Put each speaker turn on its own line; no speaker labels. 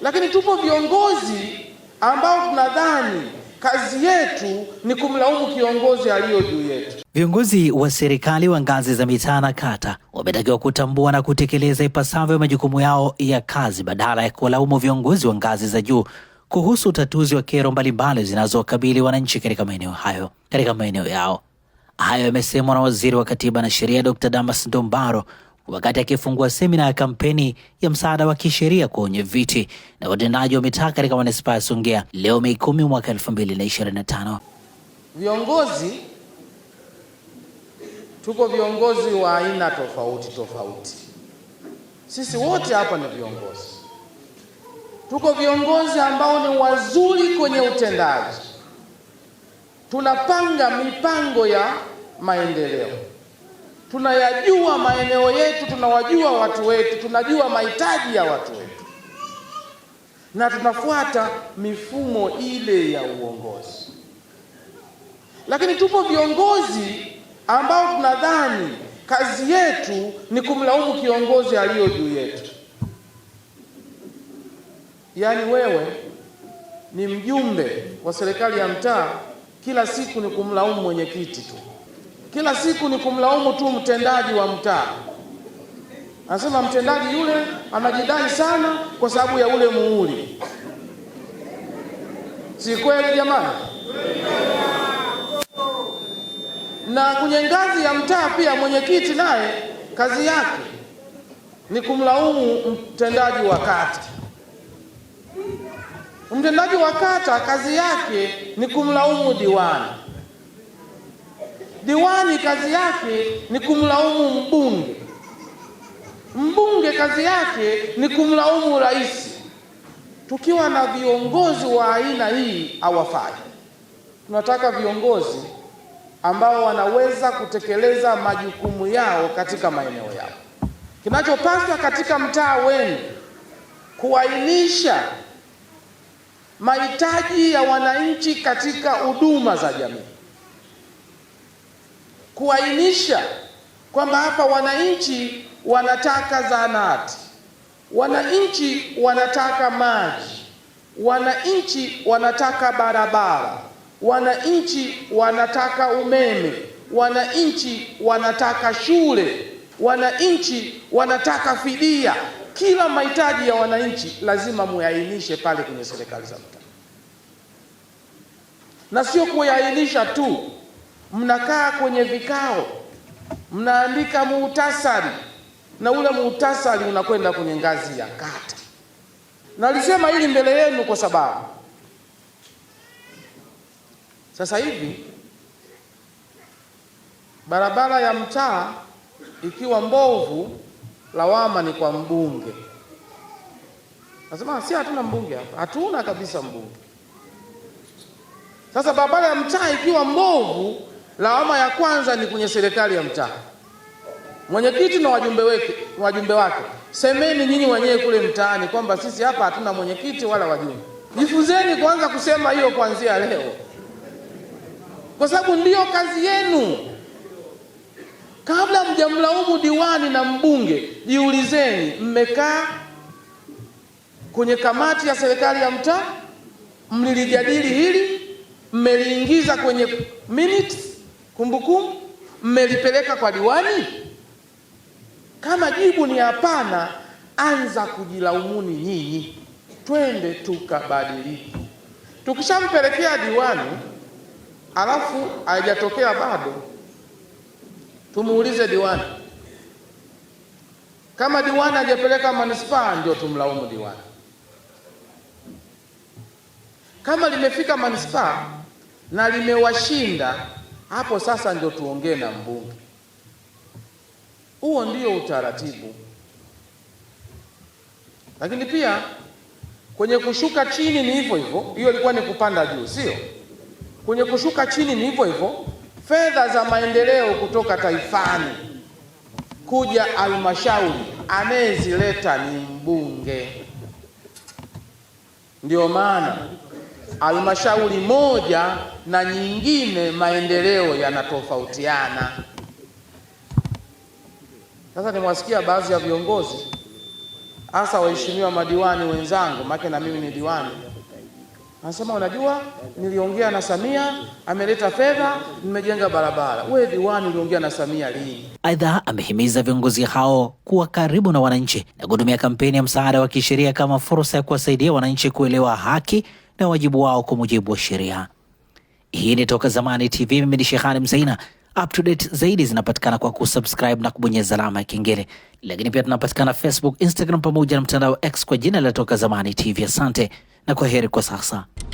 Lakini tupo viongozi ambao tunadhani kazi yetu ni kumlaumu kiongozi aliyo juu yetu.
Viongozi wa serikali wa ngazi za mitaa na kata wametakiwa kutambua na kutekeleza ipasavyo majukumu yao ya kazi badala ya kuwalaumu viongozi wa ngazi za juu kuhusu utatuzi wa kero mbalimbali zinazowakabili wananchi katika maeneo hayo katika maeneo yao. Hayo yamesemwa na Waziri wa Katiba na Sheria Dr. Damas Ndumbaro wakati akifungua semina ya kampeni ya msaada wa kisheria kwa wenye viti na watendaji wa mitaa katika manispaa ya Songea leo Mei kumi mwaka 2025.
Viongozi tuko viongozi wa aina tofauti tofauti, sisi wote hapa ni viongozi. Tuko viongozi ambao ni wazuri kwenye utendaji, tunapanga mipango ya maendeleo tunayajua maeneo yetu, tunawajua watu wetu, tunajua mahitaji ya watu wetu, na tunafuata mifumo ile ya uongozi. Lakini tupo viongozi ambao tunadhani kazi yetu ni kumlaumu kiongozi aliyo juu yetu. Yaani wewe ni mjumbe wa serikali ya mtaa, kila siku ni kumlaumu mwenyekiti tu. Kila siku ni kumlaumu tu mtendaji wa mtaa. Anasema mtendaji yule anajidai sana kwa sababu ya ule muhuri. Si kweli jamani? Na kwenye ngazi ya mtaa pia mwenyekiti naye kazi yake ni kumlaumu mtendaji wa kata. Mtendaji wa kata kazi yake ni kumlaumu diwani. Diwani kazi yake ni kumlaumu mbunge, mbunge kazi yake ni kumlaumu rais. Tukiwa na viongozi wa aina hii hawafai. Tunataka viongozi ambao wanaweza kutekeleza majukumu yao katika maeneo yao. Kinachopaswa katika mtaa wenu kuainisha mahitaji ya wananchi katika huduma za jamii kuainisha kwamba hapa wananchi wanataka zahanati, wananchi wanataka maji, wananchi wanataka barabara, wananchi wanataka umeme, wananchi wanataka shule, wananchi wanataka fidia. Kila mahitaji ya wananchi lazima muyainishe pale kwenye serikali za mtaa, na sio kuyainisha tu mnakaa kwenye vikao, mnaandika muhtasari na ule muhtasari unakwenda kwenye ngazi ya kata. Nalisema hili mbele yenu kwa sababu sasa hivi barabara ya mtaa ikiwa mbovu, lawama ni kwa mbunge. Nasema si hatuna mbunge hapa, hatuna kabisa mbunge. Sasa barabara ya mtaa ikiwa mbovu Lawama ya kwanza ni kwenye serikali ya mtaa, mwenyekiti na wajumbe wake, wajumbe wake. Semeni nyinyi wenyewe kule mtaani kwamba sisi hapa hatuna mwenyekiti wala wajumbe. Jifunzeni kwanza kusema hiyo kuanzia leo, kwa sababu ndiyo kazi yenu. Kabla mjamlaumu diwani na mbunge, jiulizeni, mmekaa kwenye kamati ya serikali ya mtaa, mlilijadili hili, mmeliingiza kwenye minutes kumbukumbu mmelipeleka kwa diwani? Kama jibu ni hapana, anza kujilaumuni nyinyi, twende tukabadilike. Tukishampelekea diwani alafu haijatokea bado, tumuulize diwani. Kama diwani hajapeleka manispaa, ndio tumlaumu diwani. Kama limefika manispaa na limewashinda hapo sasa ndio tuongee na mbunge. Huo ndio utaratibu. Lakini pia kwenye kushuka chini ni hivyo hivyo, hiyo ilikuwa ni kupanda juu, sio? Kwenye kushuka chini ni hivyo hivyo, fedha za maendeleo kutoka taifani kuja halmashauri anayezileta ni mbunge, ndio maana halmashauri moja na nyingine maendeleo yanatofautiana. Sasa nimewasikia baadhi ya viongozi hasa waheshimiwa madiwani wenzangu, maana na mimi ni diwani Anasema unajua, niliongea na Samia, ameleta fedha, nimejenga barabara. Wewe diwani, uliongea na Samia lini?
Aidha, amehimiza viongozi hao kuwa karibu na wananchi na kutumia kampeni ya msaada wa kisheria kama fursa ya kuwasaidia wananchi kuelewa haki na wajibu wao kwa mujibu wa sheria. Hii ni Toka Zamani TV, mimi ni Shehani Mzaina up to date zaidi zinapatikana kwa kusubscribe na kubonyeza alama ya kengele, lakini pia tunapatikana Facebook, Instagram pamoja na mtandao X kwa jina la Toka Zamani TV. Asante na kwa heri kwa sasa.